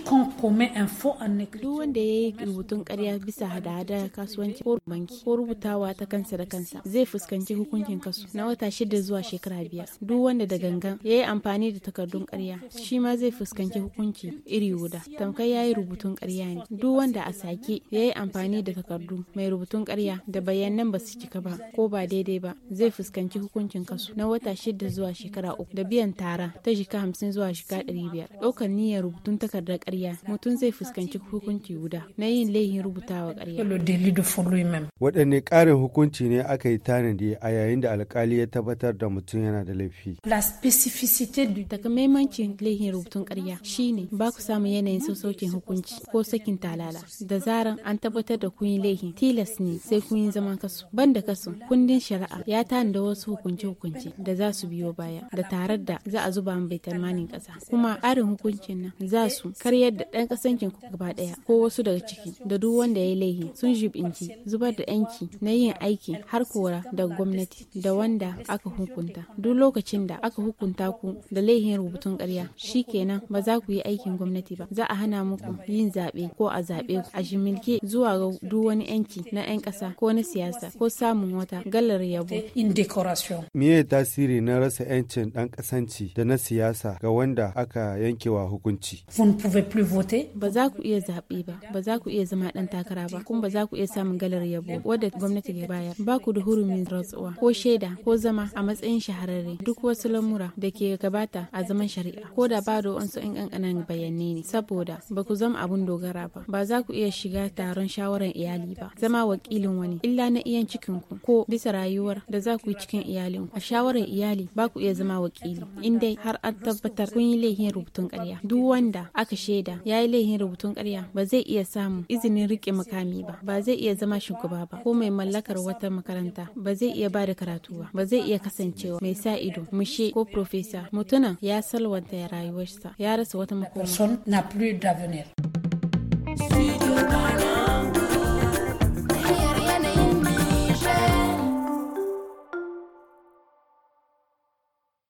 Duk wanda ya yi rubutun karya bisa hada-hada kasuwanci ko banki ko rubutawa ta kansa da kansa zai fuskanci hukuncin kasu na wata shida zuwa shekara biyar. Duk wanda da gangan ya yi amfani da takardun karya shi ma zai fuskanci hukunci iri guda. Tamkar ya yi rubutun karya ne. Duk wanda a sake ya yi amfani da takardu mai rubutun karya da bayanan ba su cika ba ko ba daidai ba zai fuskanci hukuncin kasu na wata shida zuwa shekara uku da biyan tara ta shika hamsin zuwa shika ɗari biyar. Ɗaukar niyyar rubutun takardar ƙarya mutum zai fuskanci hukunci guda na yin laihin rubutawa ƙarya. Waɗanne ƙarin hukunci ne aka yi tanadi a yayin da alkali ya tabbatar da mutum yana da laifi. la Takamaimancin laihin rubutun ƙarya shine ba ku samu yanayin sassaucin hukunci ko sakin talala da zaran an tabbatar da kun yi laihin tilas ne sai kun yi zaman kasu banda kasu kundin shari'a ya tanada wasu hukunci-hukunci. da za su biyo baya da tare da za a zuba bai manin ƙasa kuma ƙarin hukuncin nan za su karya yadda ɗan kasancin ku gaba ɗaya ko wasu daga ciki da duk wanda ya yi laihi sun jibinci zubar da ɗanki na yin aiki har kora daga gwamnati da wanda aka hukunta duk lokacin da aka hukunta ku da laihin rubutun ƙarya kenan ba za ku yi aikin gwamnati ba za a hana muku yin zaɓe ko a zaɓe ku a shimilke zuwa ga duk wani yanki na 'yan ƙasa ko na siyasa ko samun wata galar yabo. Miye tasiri na rasa ƴancin ɗan ƙasanci da na siyasa ga wanda aka yankewa hukunci? Ba za ku iya zaɓe ba, ba za ku iya zama ɗan takara ba, kuma ba za ku iya samun galar yabo wadda gwamnati ke bayar. Ba ku da hurumin rantsuwa ko shaida ko zama a matsayin shahararre duk wasu lamura da ke gabata a zaman shari'a ko da ba da wasu 'yan ƙanƙanan bayanai ne saboda ba ku zama abun dogara ba. Ba za ku iya shiga taron shawarar iyali ba, zama wakilin wani illa na iyan cikin ku ko bisa rayuwar da za ku yi cikin iyalin ku. A shawarar iyali ba ku iya zama wakili in dai har an tabbatar kun yi laifin rubutun ƙarya. Duk wanda aka shi shaida ya yi laifin rubutun karya ba zai iya samun izinin riƙe makami ba ba zai iya zama shugaba ba ko mai mallakar wata makaranta ba zai iya ba da karatu ba ba zai iya kasancewa mai sa ido mushe ko profesa mutuna ya salwanta rayuwarsa ya rasa wata makoma